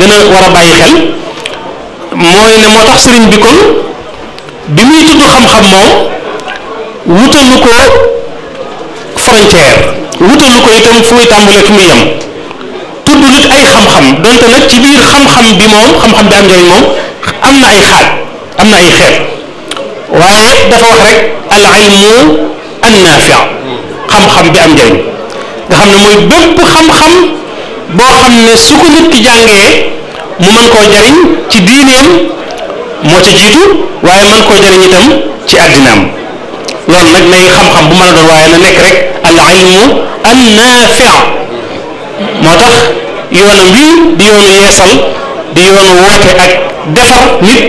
gën a war a bàyyi xel mooy ne moo tax sëriñ bi kon bi muy tudd xam-xam moom wutalu ko frontière wutalu ko itam foo muy tàmbalee fu muy yem tudd nit ay xam-xam donte nag ci biir xam-xam bi moom xam-xam am njëriñ moom am na ay xaaj am na ay xel waaye dafa wax rek al ilmu an naafi xam-xam bi am njëriñ nga xam ne mooy bépp xam-xam. boo xam ne su ko nit ki jàngee mu mën koo jariñ ci diineem moo ca jiitu waaye mën koo jariñ itam ci àddinaam loolu nag nay xam-xam bu mën a doon waaye na nekk rek al ilmu an naafi moo tax yoonu wii di yoonu yeesal di yoonu woote ak defar nit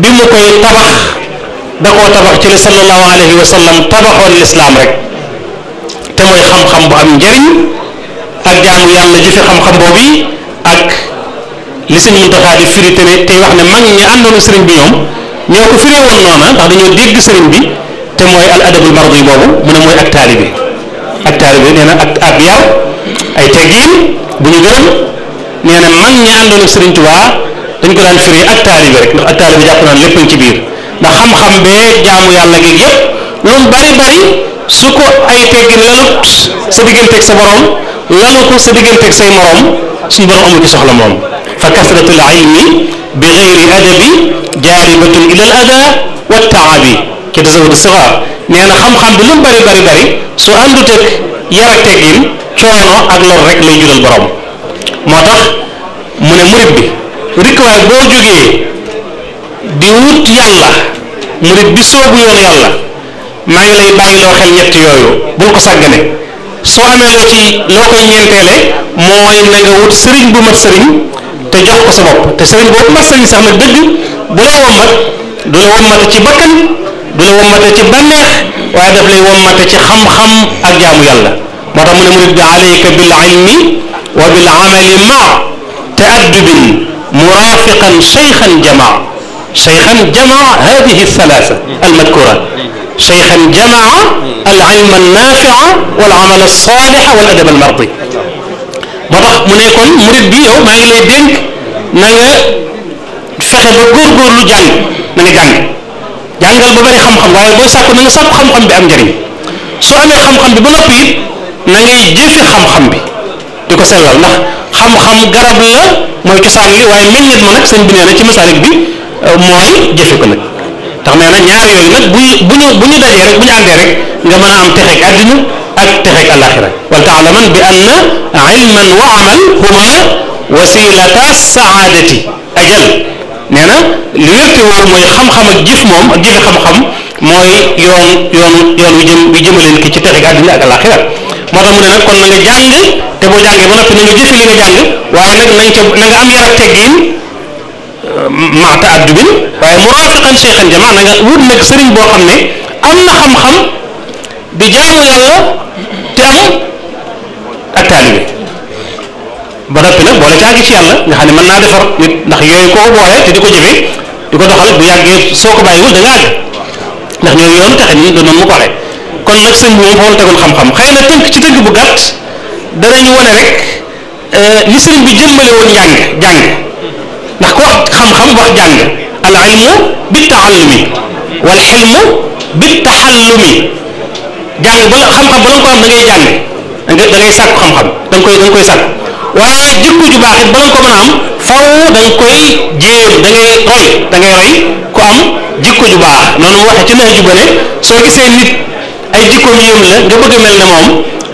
bi mu koy tabax da koo tabax ci la sallallahu alayhi wa sallam tabaxoon lislaam rek te mooy xam-xam bu am njariñ ak jaamu yàlla jëfe xam-xam boobu ak li sëñ Muntaxa di firi te tey wax ne mag ñi àndoon sëriñ bi ñoom ñoo ko firee woon noona ndax dañoo dégg sëriñ bi te mooy al adabul mardi yi boobu mu ne mooy ak taalibe ak taalibe nee na ak ab yar ay teggiin bu ñu gërëm nee na mag ñi àndoon sëriñ Tuubaa dañ ko daan firee ak taalibe rek ndax ak jàpp naan lépp ci biir ndax xam-xam bee jaamu yàlla gi yëpp loolu bari bari su ko ay teggin lalut sa digganteeg sa borom. la nga ko sa digganteeg say morom suñu borom amu ci soxla moom fa kasratul ilmi bi gayri adabi jaalibatun ila al ada wa taabi ci tasawudu sigaar nee na xam-xam bi lu bari bari bari so àndut ak yar ak teggin coono ak lor rek lay jural borom moo tax mu ne murit bi rikwaay boo jógee di wut yàlla murit bi soobu yoon yàlla maa ngi lay bàyyiloo xel ñett yooyu bul ko sàggane soo amee loo ci loo koy ñeenteele mooy na nga wut sëriñ bu mat sëriñ te jox ko sa bopp te sëriñ boobu mat sëriñ sax nag dëgg du la wommat ma la ci bakkan du la ma wommate ci bànneex waaye daf lay ma ci xam-xam ak jaamu yàlla moo tax mu ne mu ne bi alayka bil ilmi wa bil amali ma te addubin murafiqan cheykhan jamaa cheykhan jamaa hadihi salaasa almadkurat شيخا جمع العلم النافع والعمل الصالح والأدب المرضي ba tax mu ne kon murid bi yow maa ngi lay dénk na nga fexe ba góorgóorlu jàng na nga jàng jàngal ba bari xam-xam waaye booy sàkku na nga sàkku xam-xam bi am njëriñ soo amee xam-xam bi ba noppi it na ngay jëfe xam-xam bi di ko sellal ndax xam-xam garab la mooy cosaan li waaye meññeet ma nag sëñ bi nee na ci masaalik bi euh, mooy jëfe ko nag tax nee na ñaar yooyu nag bu ñu bu ñu bu ñu dajee rek bu ñu àndee rek nga mën a am texeg àddina ak texeg alaxira wal taalaman bi an ilman wa amal huma wasilata saadati ajal nee na li wér te wóor mooy xam-xam ak jëf moom ak jëfe xam-xam mooy yoon yoon yoon wi jëm wi jëmaleen ki ci texeg àddina ak alaxira moo tax mu ne kon na nga jàng te boo jàngee ba noppi na nga jëfe li nga jàng waaye nag na nga am yar ak teggin maata addubin waaye muraafiqan seexan jamaa na nga wut nag sëriñ boo xam ne am na xam-xam di jaamu yàlla te am ak taalibe ba noppi nag boole caagi ci yàlla nga xam ne mën naa defar nit ndax yooyu koo te di ko jëfe di ko doxal bu yàggee soo ko bàyyiwul da nga àgg ndax ñooñu yoonu taxe ni danoon mu kole kon nag sëñ bi ñu fa war a tegoon xam-xam xëy na tënk ci tënk bu gàtt danañu wane rek euh, li sëriñ bi jëmmale woon jàng jàng ndax ku wax xam-xam wax jàng al ilmu bi taallumi wal xilmu bi taxallumi jàng ba xam-xam ba la ko am da ngay jàng da ngay da xam-xam koy da koy sàkku waaye jikko ju baax it ba nga ko nga koy jéem da roy da ngay roy ku am jikko ju baax noonu mu waxee ci la juba ne soo gisee nit ay jikkoom yéem la nga bëgg mel ne moom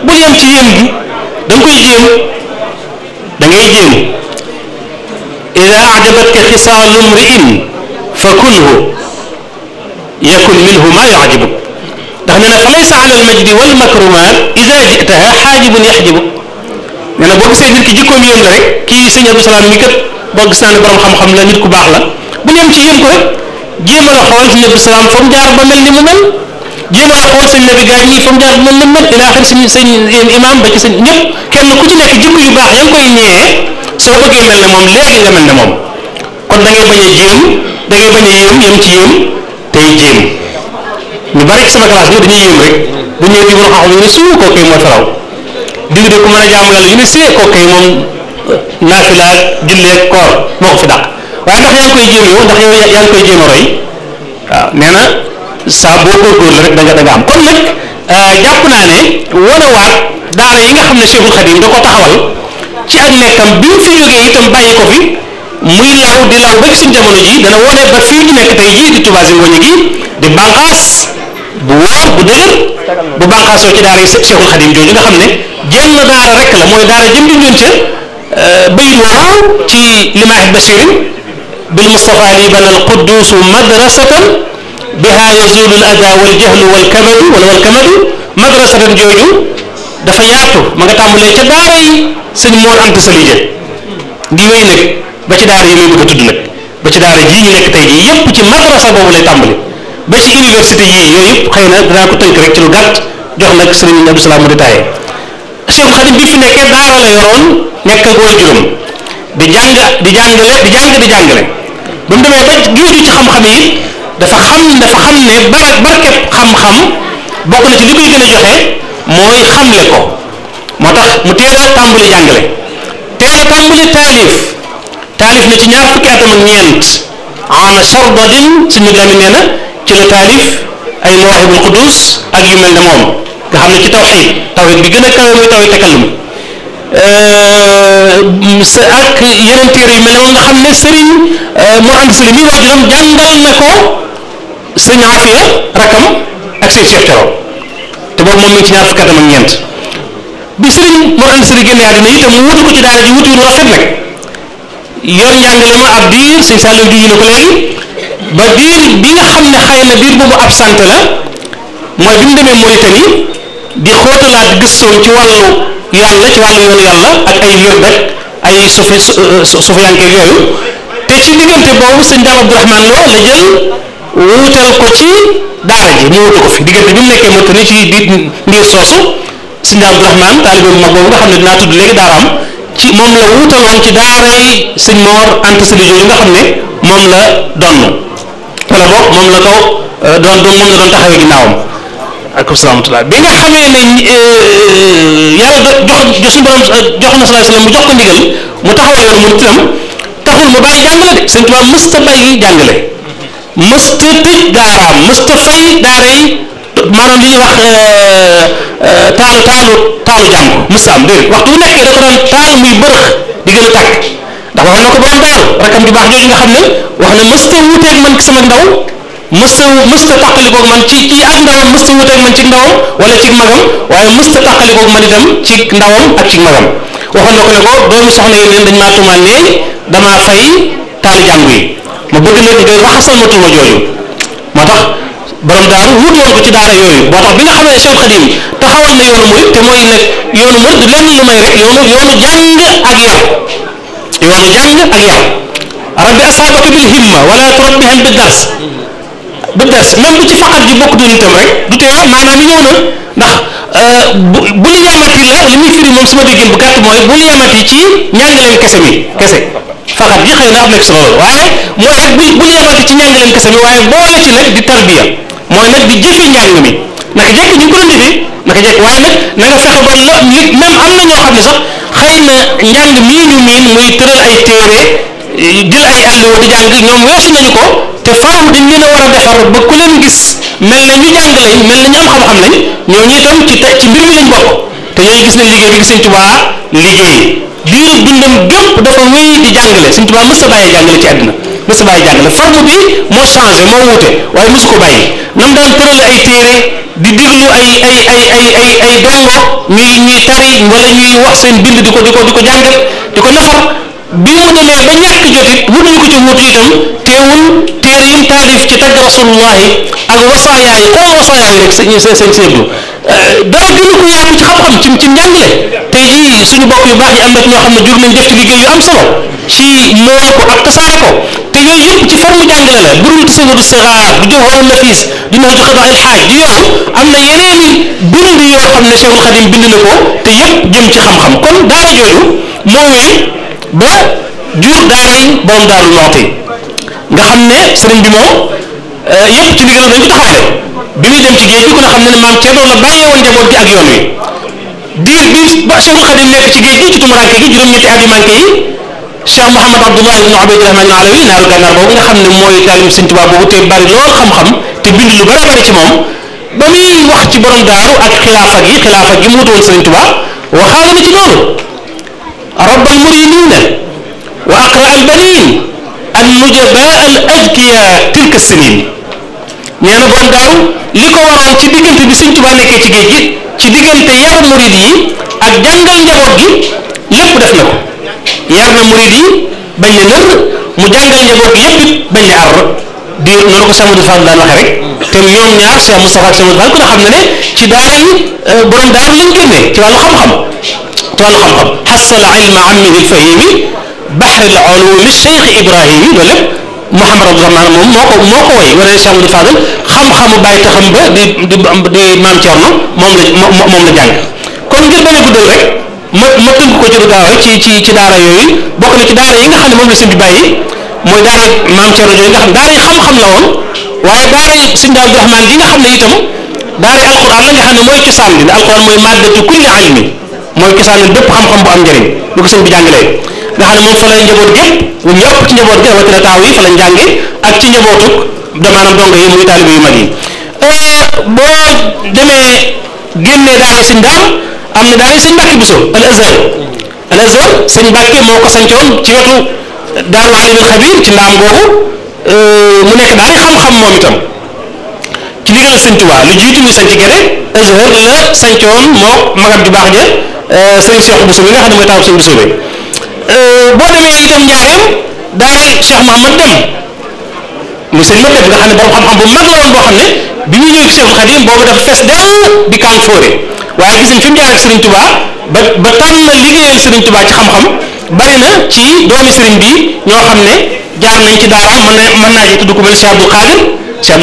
bul yem ci yéem gi da koy jéem da ngay ida ajabatka xisaalu mriin fa kunhu yakun minhu maa yucjibuk ndax nee na falaysa ala almajdi walmakrumaat ida jitaha xaajibun yaxjibuk nee na boo gisee nit ki jikkoom yéem la rek kii sëñ Abdou Salaam mi kat boo gis naa ne borom xam-xam la nit ku baax la bu yem ci yéem ko rek jéemal a xool sëñ Abdou Salaam fa mu jaar ba mel ni mu mel jéemal a xool sëñ Nabi gaa ñi fa mu jaar ba mel ni mu mel ilaa xel sëñ sëñ imaam ba ci sëñ ñëpp kenn ku ci nekk jikko yu baax ya nga koy ñëwee soo bëggee mel ne moom léegi nga mel ne moom kon da ngay bañ a jéem da ngay bañ a yéem yem ci yéem tey jéem ñu bari sama classe dañuy yéem bu ñëwee di borom xam-xam ñu di nga ma mën a jaamu yàlla ñu ne see kooku moom naafila koor moo ko fi daq waaye ndax yaa ngi koy jéem yow ndax yow yaa koy jéem a roy waaw nee na saa boo góorgóorlu rek da nga da nga am kon nag euh, jàpp naa ne wane waat daara yi nga xam ne Cheikhul Khadim da ko taxawal. ci ak nekkam bi mu fi itam bàyyi ko fi muy law di law ba ci suñ jamono ji dana wone ba fii ñu nekk tey jii di Touba Zingonia gi di bànqaas bu wóor bu dëgër bu bànqaasoo ci daara yi Cheikhul Khadim jooju nga xam ne jenn daara rek la mooy daara jëm junjoon ca euh, bayit woowu ci limaahi bashirin bil Mustafa li bana al quddus madrasatan biha yazulu al ada wal jahlu wal kabadu wala wal kamadu madrasatan jooju dafa yaatu ma nga tàmbalee ca daara yi sëñ Mor sa Sali ja di wéy nag ba ci daara yi muy bëgg tudd nag ba ci daara jii ñu nekk tey jii yëpp ci madrasa boobu lay tàmbali ba ci université yii yooyu yëpp xëy na danaa ko tënk rek ci lu gàtt jox nag sëriñ Abdou Salaam mu détaillé Cheikh Khadim bi fi nekk ak way juróom di jàng di jàngale di jàng di jàngale ba mu demee ba gindi ci xam-xam yi dafa xam dafa xam ne bara barkeb xam-xam bokk na ci li koy gën a joxe mooy xamle ko moo tax mu teel a tàmbali jàngale teel a tàmbali taalif taalif na ci ñaar fukki atam ak ñeent ana sarbadin suñu gami nee na ci la taalif ay mawaahibul qudus ak yu mel ne moom nga xam ne ci tawxiid tawxiid bi gën a kawe mooy tawxiid takallum euh, ak yeneen téere yu mel moom nga xam ne sëriñ mu ànd sëriñ mi waajuram jàngal na ko sëriñ Afiya rakkam ak sëriñ Cheikh Thioro te boobu moom mi ci ñaar fukki atam ak ñeent bi sëriñ Mor Anta Sali génne àdduna itam mu wutu ko ci daara ji wutu lu rafet nag yor njàngale ma ab diir sëñ Saliou di ko léegi ba diir bi nga xam ne xëy na diir boobu absente la mooy bi mu demee Mauritanie di xóotalaat gëstoom ci wàllu yàlla ci wàllu yoonu yàlla ak ay wér ay sufe sufiyanke yooyu te ci diggante boobu sëñ Daam Abdourahmane Lo la jël wuutal ko ci daara ji ñu wutu ko fi diggante bi mu nekkee Mauritanie ci mbir soosu Sëñ Abdourahmane taalibe bu mag boobu nga xam ne dinaa tudd léegi daaraam ci moom la wuutaloon ci daara yi Sëñ Mor Anta Sali Joor nga xam ne moom la donn wala moom la ko euh, doon moom la doon taxawee ginnaawam alaykum salaam wa bi nga xamee ne euh, yàlla jox suñu euh, jox na sallallahu alayhi mu jox ko ndigal mu taxawal yoonu mu itam taxul mu bàyyi jàngale de Sëñ Tuubaa mës ta bàyyi jàngale mësta tëj daaraam mësta fay daara yi maanaam li ñuy wax euh, euh, taalu taalu taalu jàmm mësta am déedéet waxtu bu nekk da ko daan taal muy bërëx di gën a tàkk ndax waxoon ba ko borom daaru rakam ju baax jooju nga xam ne wax na mësta wuuteeg man ki sama ndaw mësta mësta tàqalikoog man ci ci ak ndawam mësta wuuteeg man ci ndawam wala ci magam waaye mësta tàqalikoog man itam ci ndawam ak ci magam waxoon na ko ne ko soxna yi neen dañ maa tuumaal ne damaa fay taalu jàngu yi ma bëgg leen di raxasal ma tuuma jooju moo tax borom daaru wut woon ko ci daara yooyu moo tax bi nga xamee ne Cheikh Khadim taxawal na yoonu te mooy nag yoon murit lenn lu may rek yoonu yoonu jàng ak yar yoonu jàng ak yar rabbi asaabaka bil himma wala turabbihim bi dars bi dars même bu ci faqat gi bokk doon itam rek du tee maanaam ñëw na ndax euh, bu bu ñu yamati la li muy firi moom su ma déggee bu gàtt mooy bu ñu yamati ci njàngaleem kese mi kese faqat gi xëy na am na ci solo waaye mooy ak bu bu ñu yemaate ci njàngaleen kese mi waaye boole ci nag di tarbiya mooy nag di jëfee njàng mi naka jekk ñu ngi ko doon defee naka jekk waaye nag na nga a ba lo nit am na ñoo xam ne sax xëy na njàng mii ñu miin muy tëral ay téere jël ay àlluwa di jàng ñoom weesu nañu ko te faaw dañ leen a war a defar ba ku leen gis mel na ñu jàng lañ mel na ñu am xam-xam lañ ñoo ñu itam ci te ci mbir mi lañ bokk te yooyu gis nañ liggéey bi Sëñ Tubaa liggéey biir dundam gépp dafa wéy di jàngale Sëñ Tubaa mës a bàyyi jàngale ci àdduna mës a bàyyi jàngale forme bi moo changé moo wuute waaye mësu ko bàyyi nam daan tërale ay téere di déglu ay ay ay ay ay ay dongo ñuy ñuy tari wala ñuy wax seen bind di ko di ko di ko jàngal di ko nafar bi mu demee ba ñàkk jotit wutuñu ko ci wuutu itam teewul téere yim taalif ci tagg rasulullahi ak wafaayaayi koo wafaayaayi rek sëñ sëñ sëñ dara gënu ko yaatu ci xam-xam ci ci njàngale tey jii suñu bokk yu baax yi am na ñoo xam ne jur nañ def ci liggéey am solo ci looxe ko ak tasaare ko te yooyu yëpp ci forme jàngale la burul ti siraar du jawharu nafis du naw ju xadaxil xaaj du yooyu am na yeneeni bind yoo xam ne Cheikhul Khadim bind na ko te yëpp jëm ci xam-xam kon daara jooju moo wéy ba jur daaray borom daarul nga xam ne sëriñ bi moom eh, yëpp ci ndigal dañ ko taxawale bi muy dem ci géej ku ne xam ne ne maam Thierno la bàyyee woon njaboot gi ak yoon wi diir bi Cheikhul ci géej gi ci tumuraanke gi juróom-ñetti at yu manqué yi Cheikh Mouhamad Abdullah ibn Abdirahman Alawi naaru xam ne mooy taalib Sëñ Tuubaa boobu te bari lool xam-xam te bind a bare bari ci moom ba wax ci borom daar ak xilaafa gi xilaafa gi mu wutoon Sëñ Tuubaa waxaale na ci loolu rabbal muridina wa aqra al banin an nujaba al azkiya tilka sinin nee na bon daaw li ko waral ci diggante bi Sëñ Tuubaa nekkee ci géej gi ci diggante yaru murid yi ak jàngal njaboot gi lépp def na yar na murid bañ ne nër mu jàngal njaboot gi yépp it bañ ne arr diir noonu ko Sëñ Amadou Fall daan waxe rek te ñoom ñaar Cheikh Moustapha ak Sëñ Amadou Fall ne xam na ne ci daara yi euh, borom daara lañ génnee ci wàllu xam-xam ci wàllu xam-xam xasala ilma ammihi lfahimi bahri l ulumi cheikh ibrahimi loolu lépp Mouhamad Abdourahmane moom moo ko moo ko woy wala Cheikh Amadou Fadal xam-xamu bàyyi taxam ba di di di maam Thierno moom la moom la jàng kon ngir bañ a guddal rek ma ma tënk ko ci gaaw rek ci ci ci daara yooyu bokk na ci daara yi nga xam ne moom la sëñ bi bàyyi mooy daara maam Thierno yooyu nga xam daara yi xam-xam la woon waaye daara yi sëñ Abdourahmane yi nga xam ne itam daara yi alquran la nga xam ne mooy cosaan bi alquran mooy maddatu kulli ilmi mooy cosaan bépp xam-xam am njëriñ lu ko sëñ bi jàngalee nga ne moom fa la njaboot gi ñun ñëpp ci njaboot gi rawatina taaw yi fa la njàngi ak ci njabootuk damaanaam dongo yi muy taalibe yu mag yi euh, boo demee génnee daaray sëñ daam am na daaray sëñ Mbàkke Buso al Azhar al Azhar sëñ Mbàkke moo ko sancoon ci wetu daaru alimul xabir ci ndaam googu euh, mu nekk daaray xam-xam moom itam ci ndigal sëñ Tuubaa lu jiitu mu sanc gere Azhar la sancoon moo magam ju baax ja euh, sëñ Cheikh Buso bi nga xam ne mooy taaw Euh, boo demee itam njaareem daara Cheikh Mahamad dem mu sëñ ma dem nga xam xam-xam bu mag la boo xam ne bi ñu ñëw ci Cheikhul Khadim boobu dafa fees dell di kaam fóore waaye gis nañ fi mu jaar ak Serigne Touba ba ba tànn liggéeyal Serigne ci xam-xam bari na ci doomi Serigne bi ñoo xam ne jaar nañ ci daaraam mën mën naa ci tudd ku mel Cheikh Abdou Khadir Cheikh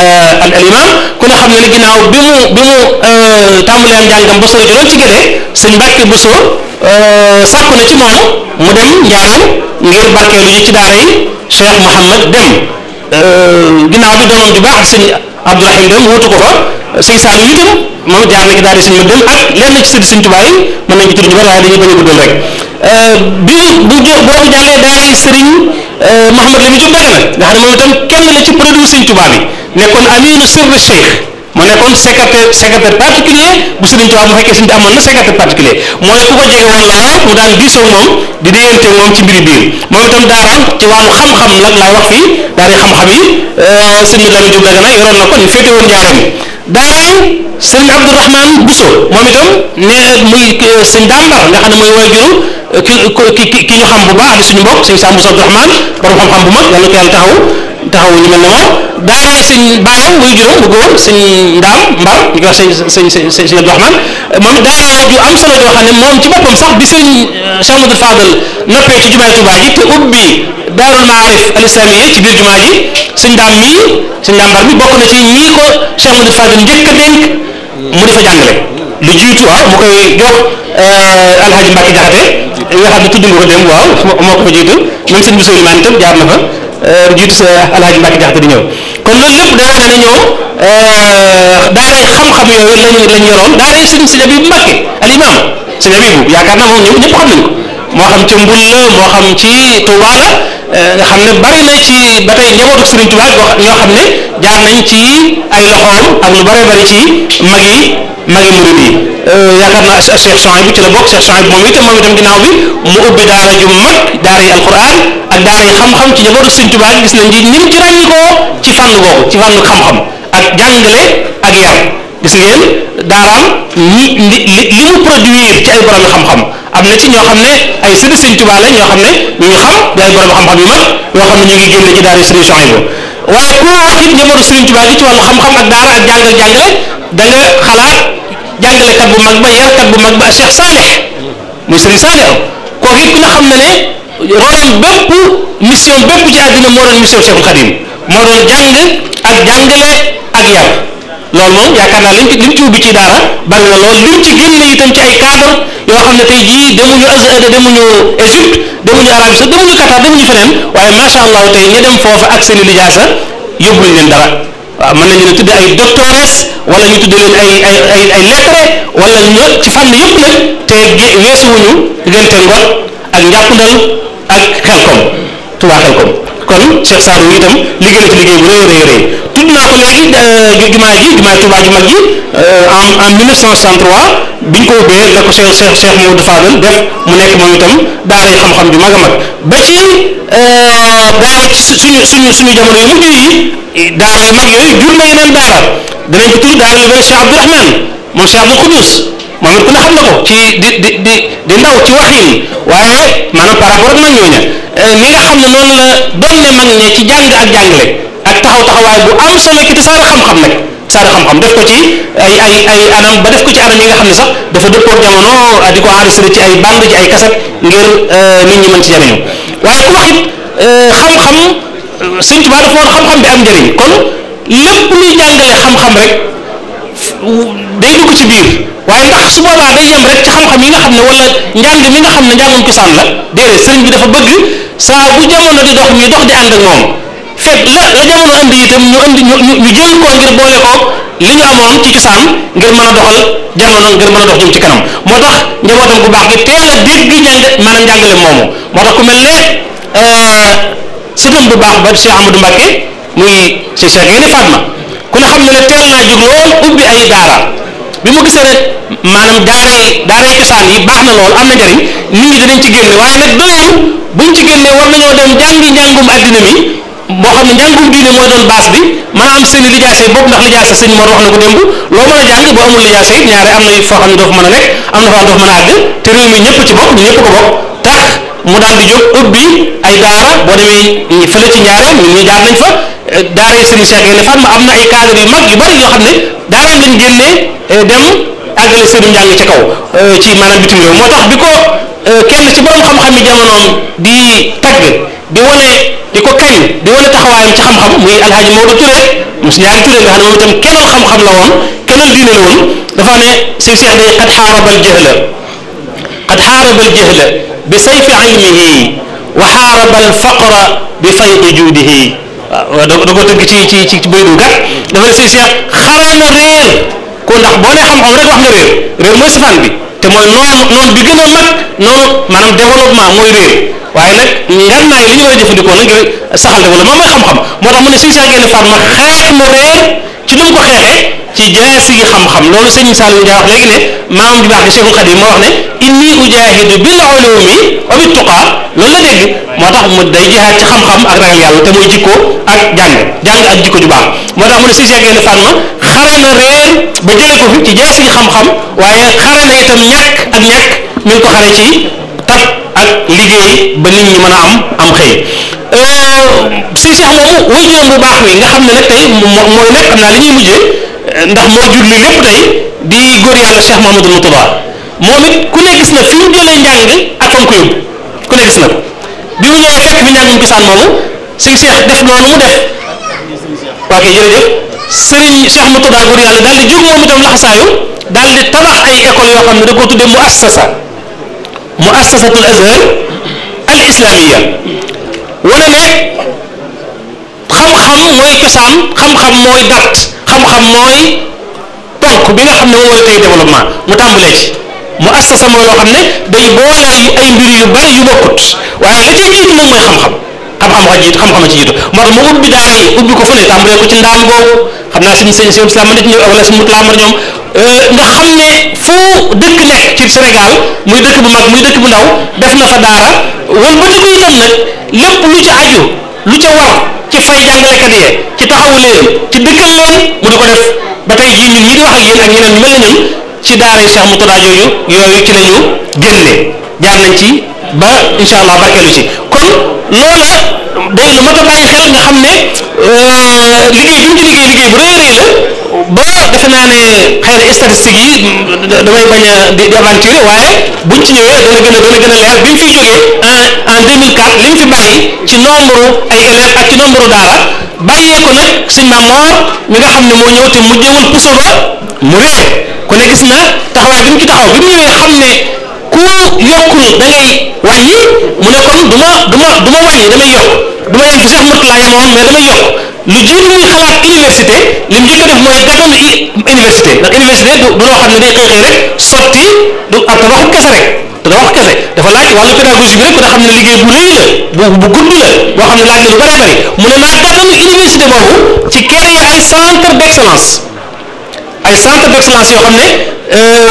euh, al imam ku ne xam ne ne ginnaaw bi mu bi mu euh, am njàngam ba sori juróom ci gënee sëñ Mbàkke Bousso Euh, sàkku na ci moom mu dem njaaraan ngir barkeelu ji ci daara yi Cheikh Mouhamad dem euh, ginnaaw bi doomam ju baax di sëñ Abdourahim dem wuutu ko fa sëñ Saliou itam moom jaar na ci daara yi sëñ dem ak lenn ci sëñ Tuubaa yi mën nañ ci tudd ñu bari waaye dañuy rek euh, bi bu jo boobu jàllee daara yi sëriñ Mouhamad Lamine Diop Dagana nga xam ne moom itam kenn la ci produit sëñ Tuubaa bi nekkoon aminu sirri Cheikh mu nekkoon secrétaire secrétaire particulier bu Serigne Touba mu fekkee Serigne amoon na particulier mooy ku ko jege woon la mu daan diisoo moom di déggante moom ci biri biir moom itam daaraam ci wàllu xam-xam nag laay wax fii daari xam-xam yi euh, Serigne Lamine Diop Dagana yoroon na ko ni féete woon njaareem daaraay Serigne Abdourahmane Bousso moom itam ne muy euh, Serigne Dambar nga xam ne mooy waajuru euh, ki ki ki ñu xam bu baax di suñu mbokk Serigne Sam Bousso Abdourahmane borom xam-xam bu mag yàlla ko yàlla taxaw taxawu ñu mel ne moom daara sëñ baayam muy juróom bu góor sëñ ndaam mbar ñu koy wax sëñ sëñ sëñ sëñ Abdourahmane moom daara ju am solo yoo xam ne moom ci boppam sax bi sëñ Cheikh Amadou Fadal noppee ci jumaay Tuubaa ji te ubbi daarul maarif al islamiyya ci biir jumaa ji sëñ ndaam mii sëñ ndaam mbar mi bokk na ci ñii ko Cheikh Amadou Fadal njëkk a dénk mu di fa jàngale lu jiitu waaw ah, mu koy jox eh, alxaaji Mbàkke Jaxate nga xam ne tudd nga ko dem waaw moo ko fa jiitu même sëñ Bisou Limane itam jaar na fa Euh, jiitu sa alaaji Mbàkke Jaxate di ñëw kon loolu lépp day wane ne ñoom euh, daaray xam-xam yooyu lañu lañu yoroon daaray sëñ sëñ Abibu Mbàkke alimaam sëñ Abibu yaakaar naa moom ñëpp xam nañ ko moo xam ci mbul la moo xam ci Tuubaa la euh, nga xam ne bari na ci ba tey njabootu Sëriñ Tuubaa ñoo xam ne jaar nañ ci ay loxoom ak lu bare bari ci mag yi mag yi murid yi euh, yaakaar naa Cheikh Souhaïbou bu ci la bokk Cheikh Souhaïbou moom itam moom itam ginnaaw bi mu ubbi daara ju mag daara yi alquran ak daara yi xam-xam ci njabootu Sëriñ Tuubaa gis nañ ci ni mu ci ràññikoo ci fànn googu ci fànn xam-xam ak jàngale ak yar gis ngeen daaraam ñi li li mu produire ci ay borom xam-xam am na ci ñoo xam ne ay sëriñ Sëriñ Tuubaa la ñoo xam ne ñu xam di ay borom xam-xam yu mag yoo xam ne ñu ngi génne ci daara Sëriñ Souhaïbou waaye ku wax it njabootu Serigne Touba gi ci wàllu xam-xam ak daara ak jàngal jàngale da nga xalaat jàngalekat bu mag ba yarkat bu mag ba Cheikh Saalix muy Serigne Saalix kooku it ku nga xam ne ne rolam bépp mission bépp ci addina moo doon mission Cheikhul Khadim moo doon jàng ak jàngale ak yar loolu moom yaakaar naa liñ ci liñ ci ubbi ci daara bari na lool liñ ci génne itam ay cadre yoo xam ne tey jii demuñu demuñu Arabie Saoudite demuñu Qatar demuñu feneen waaye macha allah tey ñu dem foofa ak seen i lijaasa yóbbuñ leen dara waaw mën nañu ne tudde ay doctores wala ñu tudde leen ay ay ay ay lettre wala ñu ci fànn yëpp nag te weesuwuñu diggante ngot ak njàppandal ak xelkom tubaa xelkom kon Cheikh Saliou itam liggéey na ci liggéey bu rëy rëy rëy tudd naa ko léegi jumaa euh, ji jumaa Touba ju mag ji euh, en en 1963 bi ñu ko ubbee la ko Cheikh Cheikh Cheikh Modou Fadel def mu nekk moom itam daaray xam-xam ju mag a mag ba ci euh, daara suñu suñu suñu jamono yu mujj yi daara yu mag yooyu jur na yeneen daara danañ ko tudd daara lu mel Cheikh Abdourahmane moom moom it ku ne xam na ko ci di di ndaw ci waxin yi waaye maanaam par rapport ak mag ñooña ni eh, nga xam ne noonu la doon ne ci jàng ak le ak taxaw taxawaay bu am solo ki te saara xam-xam xam-xam def ko ci ay ay ay anam ba def ko ci anam yi nga xam ne sax dafa dëppoo jamono ah, di ko enregistré ci ay bande ci ay kaset ngir eh, nit ñi ci jariñu waaye ku eh, xam-xam Sëñ Tuubaa dafa woon xam-xam bi am njëriñ kon lépp luy jàngale xam-xam rek day dugg ci biir waaye ndax su boobaa day yem rek ci xam yi nga xam ne wala njàng mi nga xam ne njàngum cosaan la déedéet sëriñ bi dafa bëgg saa bu jamono di dox ñu dox di ànd ak moom fekk la la jamono indi itam ñu indi ñu ñu jël ko ngir boole ko li ñu amoon ci cosaan ngir mën a doxal jamono ngir mën a dox jëm ci kanam moo tax njabootam bu baax gi teel a dégg njàng maanaam njàngale moomu moo tax ku mel ne euh, sëtam bu baax ba Cheikh Amadou Mbacke muy Cheikh Cheikh Yéene Fatma ku ne xam na ne teel naa jóg ubbi ay daara bi mu gisee rek maanaam daaray daaray cosaan yi baax na lool am na njëriñ nit ñi dinañ ci génne waaye nag bu buñ ci génnee war nañoo dem jàngi njàngum addina mi boo xam ne njàngum diine mooy doon base bi maa am seen i lijaasa yi bopp ndax lijaasa sëñ wax na ko démb loo mën a jàng boo amul lijaasa it am na it am ne doo fa mën a àgg te réew mi ñëpp ci bokk ñu ñëpp ko bokk tax mu daal di jóg bi ay daara boo demee fële ci ñaareel ñu ñuy jaar nañ fa eh, daara yi sëñ Cheikh Yelefane ma am na ay cadre yu mag yu bari yoo xam ne daara lañ génnee eh, dem àggale seenu njàng ca kaw eh, ci maanaam bitim réew moo tax bi ko eh, kenn ci borom xam-xam yi jamonoom di tagg di wane di ko kañ di wane taxawaayam ci xam-xam muy alxaaji Maodo Touré mos ñaari Touré nga xam ne moom itam kenal xam-xam la woon kenn diine la woon dafa ne si seex day xat xaarabal jëhla xat xaarabal jëhla bi sayfi ilmihi wa xaarabal faqra bi faydi juudihi waaw da da ko tënk ci ci ci béy bu gàtt dafa ne sëñ Cheikh xaraama réer ko ndax boo nee xam-xam rek wax na réer réer mooy safaan bi te mooy noonu noonu bi gën a mag noonu maanaam développement mooy réer waaye nag ngan naa li ñu war a jëfandikoo nag ngir saxal développement mooy xam-xam moo tax mu ne sëñ Cheikh génn faat ma xeex mu réer ci lu mu ko xeexee ci jaasi yi xam-xam loolu sëñ Saliou Dia wax léegi ne maam ju baax di Cheikhul Khadim moo wax ne inni ujaahidu bil ulumi amit tuqaa loolu la dégg moo tax mu day jihaat ci xam-xam ak ragal yàlla te muy jikko ak jàng jàng ak jikko ju baax moo tax mu ne si seeg ne fànn xare na réer ba jëlee ko fi ci jëlee fi xam-xam waaye xare na itam ñàkk ak ñàkk mi ko xare ci tab ak liggéey ba nit ñi mën a am am xëy si euh, seex moomu wëy juróom baax wi nga xam ne nag tey mooy nekk xam naa dañuy mujjee ndax moo jur li lépp tey di góor yàlla Cheikh Mahamadou Moutaba moom ku ne gis na fi mu jëlee njàng ak fam ko ku ne gis na ko bi mu ñëwee fekk fi njàngum cosaan moomu sëñ Cheikh def loolu mu def waa kay jërëjëf sëriñ Cheikh Mourtada daal di jóg moom itam laxasaayu daal di tabax ay école yoo xam ne da koo tuddee mu mu assasatul azhar al mooy cosaan xam-xam mooy dat xam-xam bi nga xam ne moom développement mu tàmbalee mu assasa mooy loo xam ne day boole ay mbir yu bari yu bokkut waaye la ca jiitu moom mooy xam-xam am xam-xam jiitu xam-xam ci jiitu moo tax mu ubbi daara ne xam naa suñu sëñ si islam nit ñi xam ne fu dëkk nekk ci Sénégal muy dëkk bu mag muy dëkk bu ndaw def na fa daara wala ba dëkk itam nag lépp lu ca aju lu ca war ci fay jàngalekat yee ci taxawu leen ci dëkkal leen mu di ko def ba tey jii ñun ñi ngi wax ak yéen ak ñeneen ñu mel ne ñun ci daara Cheikh Mourtada yooyu yooyu ci lañu génne jaar nañ ci ba incha ba barkeelu ci kon loola day lu mat a bàyyi xel nga xam ne euh, liggéey bi mu ci liggéey liggéey bu rëy a rëy la ba defe naa ne xëy na statistiques yi bañ a di aventure waaye buñ ci ñëwee dana gën a dana gën a leer bi mu fi jógee en en 2004 li mu fi bàyyi ci nombre ay élèves ak ci nombre daara bàyyee ko nag si Maam mi nga xam ne moo ñëw te mujjewul puso ba mu réer. ku ne gis na taxawaay bi mu ci taxaw bi mu ñëwee xam ne ku yokkul da ngay wàññi mu ne kon du ma du ma du ma yokk du ma yem fi sax mot laa yemoon mais yokk lu jiitu muy xalaat université li mu njëkk a def mooy gàttandu université ndax université du loo xam ne day xëy xëy rek sotti du ab tabaxu kese rek te tabaxu kese dafa laaj wàllu pédagogie bi rek nga xam ne liggéey bu rëy la bu bu gudd boo xam ne laaj na lu bari bari mu ne naa gàttandu université boobu ci créer ay centre d' ay centre d'excellence yoo xam ne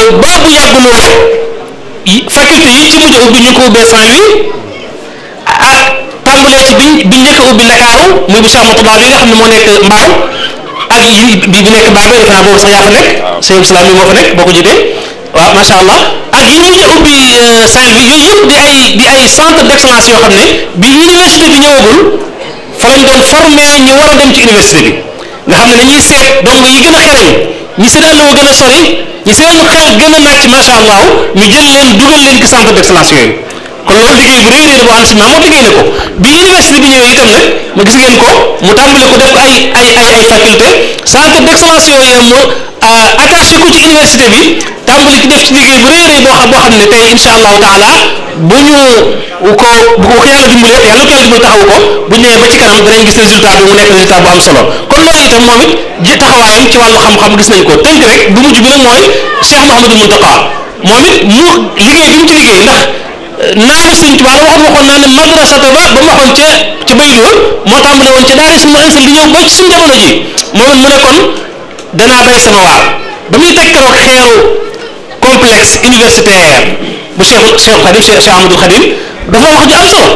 euh, ba bu yàggul woon rek faculté yi ci mujj ubbi ñu ko ubbee Saint-Louis ah tàmbalee ci biñ biñ njëkk a ubbi Ndakaaru muy bu Cheikh Moutouba bi nga xam ne moo nekk Mbao ak yi bi nekk Bambey boobu sax yaa fa nekk moo fa boo ko jëlee waaw macha allah ak yi mujj a ubbi euh, Saint-Louis yooyu yëpp di ay di ay centre d'excellence yoo xam ne bi université bi ñëwagul fa lañ doon former ñu war a dem ci université bi nga xam ne dañuy seet dong yi gën a xereñ ñi si dàll wa gën a sori ñi seen gën a nàcc macha allah ñu jël leen dugal leen ci centre d'excellence yooyu kon loolu liggéey bu réy réy boo xam si maam moo liggéey na ko bi université bi ñëwee itam nag ma gis ngeen ko mu tàmbali ko def ay ay ay ay faculté centre d'excellence yooyu Euh, attaché ko ci université bi tàmbali ki def ci liggéey bu rëy a boo xam boo xam ne tey incha allahu taala bu ñu ko bu ko yàlla dimbali rek yàlla ko yàlla dimbali taxawu ko bu ñëwee ba ci kanam danañ gis résultat bi mu nekk résultat bu am solo kon loolu itam moom it ji taxawaayam ci wàllu xam-xam gis nañ ko tënk rek bu mujj bi nag mooy Cheikh Mouhamadou Mountakha moom it mu liggéey bi mu ci liggéey ndax euh, naari Sëriñ Tuubaa la waxoon waxoon naa ne madrasata ba ba ma waxoon ca ca bay dóor moo tàmbale woon ca daara ismu insan di ñëw ba ci suñu jamono ji moom it mu ne danaa bay sama waar ba muy teg keroog xeeru complexe universitaire bu Cheikh Cheikh Khadim Cheikh Ahmadou Khadim dafa wax ju am solo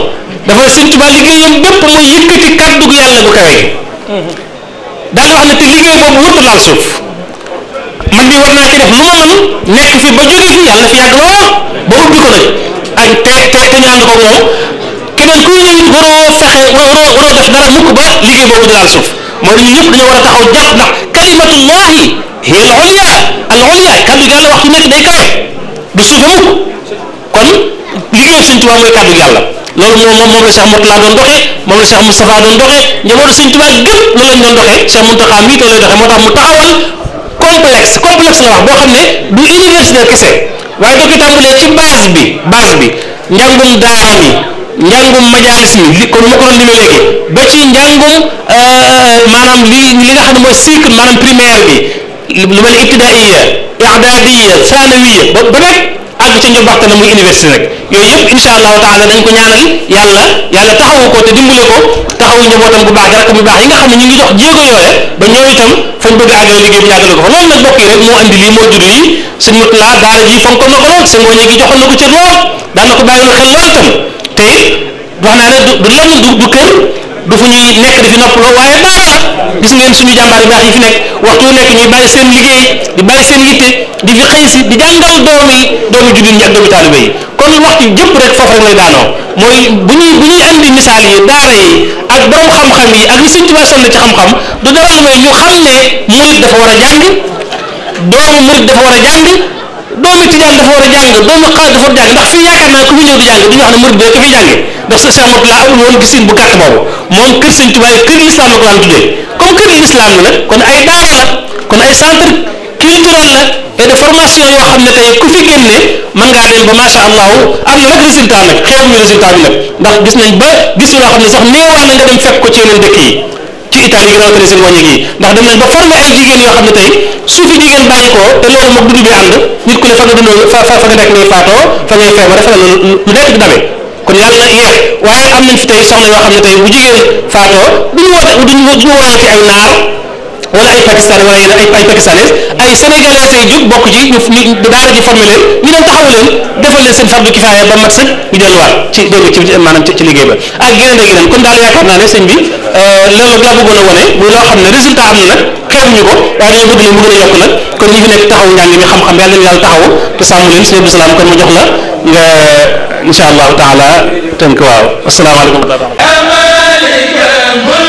dafa sëñ Tuubaa liggéey bépp mooy yëkkati kàddu gu yàlla gu kawe daal wax ne te liggéey boobu wërta laal suuf man mi war naa ci nekk fi ba jóge fi yàlla fi yàgg lool ba ubbi ko nag ak te te te ñu ànd ko moom keneen ku ñëw it waroo fexe dara mukk ba liggéey boobu di laal suuf moo dañu ñëpp dañoo war a taxaw kalimatullahi hiya al ulya al ulya kaddu gi yàlla wax ci nekk day kawe du suufe mukk kon liggéey sëñ Tuubaa mooy kaddu gi yàlla loolu moom moom moom la Cheikh Mourtala doon doxee moom la Cheikh Moustapha doon doxee njabootu sëñ Tuubaa gëpp loolu lañ doon doxee Cheikh Mountakha mii loolu lay moo tax mu taxawal complexe complexe la wax boo xam ne du universitaire kese waaye da koy tàmbalee ci base bi base bi njàngum daara njàngum majaalis mi li kon ma ko doon limee léegi ba ci njàngum euh, maanaam li li nga xam ne mooy cycle maanaam primaire bi lu mel ibtidaaiya i'daadiya saanawiya ba ba rek àgg ca ñu baxta yooyu yëpp insha allahu taala ko ñaanal yàlla yàlla taxawu ko te dimbale ko taxawu njabootam bu baax garab bu baax yi nga xam ne ñu ngi dox jéego yooyu ba ñoo itam fañ bëgg a liggéey bi ñu àggale ko fa loolu nag bokk rek moo andi li moo judd lii suñ mut laa daara ji fonkoon na ko lool seen wàññi gi joxoon na ko cër lool daan na ko xel lool itam te wax naa ne du lenn du du kër du fu ñuy nekk di fi noppaloo waaye daara gis ngeen suñu jàmbaar yu baax yi fi nekk waxtu nekk ñuy bàyyi seen liggéey di bàyyi seen yitte di fi xëy si di jàngal doomi doomi jullit ñi ak doomi taalibe yi kon waxtu jëpp rek foofu rek lay daanoo mooy bu ñuy bu ñuy indi misaal yi daara yi ak borom xam-xam yi ak li suñ tubaab sonn ci xam-xam du dara lu may ñu xam ne murit dafa war a jàng doomu murit dafa war a jàng doomi tijaan dafa war a jàng doomi xaaj dafa war a jàng ndax fii yaakaar naa ku fi ñëw di jàng duñu wax ne murid bee ko fi jànge ndax Cheikh Mourtala amul woon gisin bu gàtt boobu moom kër sëñ Tuubaa kër lislaam la ko daan tuddee comme kër lislaam la kon ay daara la kon ay centre culturel la et de formation yoo xam ne tey ku fi génne mën ngaa dem ba macha allah am na nag résultat nag xeew ñu résultat bi nag ndax gis nañ ba gis loo xam ne sax néewaa na nga dem fekk ko ci yeneen dëkk yi ci Italie ginnaaw Brésil moo ñu ngi ndax dem nañ ba formé ay jigéen yoo xam ne tey su fi jigéen bàyyi te loolu moog dund bi ànd nit ku ne fa nga dundoo fa fa fa nga nekk ngay faatoo fa ngay feebar fa la lu nekk di dabe kon yàlla na waaye am nañ fi tey soxna yoo xam ne tey bu jigéen faatoo duñu woote duñu woote ci ay naar wala ay pakistan wala yenn ay ay pakistanais ay sénégalais ay jóg bokk ci ñu ñu daara ji formé leen ñu dem taxaw leen defal leen seen fardu kifaaya ba mat sëkk ñu delluwaat ci dégg ci maanaam ci liggéey ba ak yeneen ak yeneen kon daal yaakaar naa ne sëñ bi euh, loolu laa bëggoon a wane bu loo xam ne résultat am na nag xeebuñu ko waaye dañoo bëgg ne mu gën a yokk nag kon ñi fi nekk taxaw njàng mi xam-xam yàlla na yàlla taxawu te sàmm leen sëñ Abdou Salaam kon mu jox la nga incha allahu taala tënk waaw asalaamaaleykum wa rahmatulah.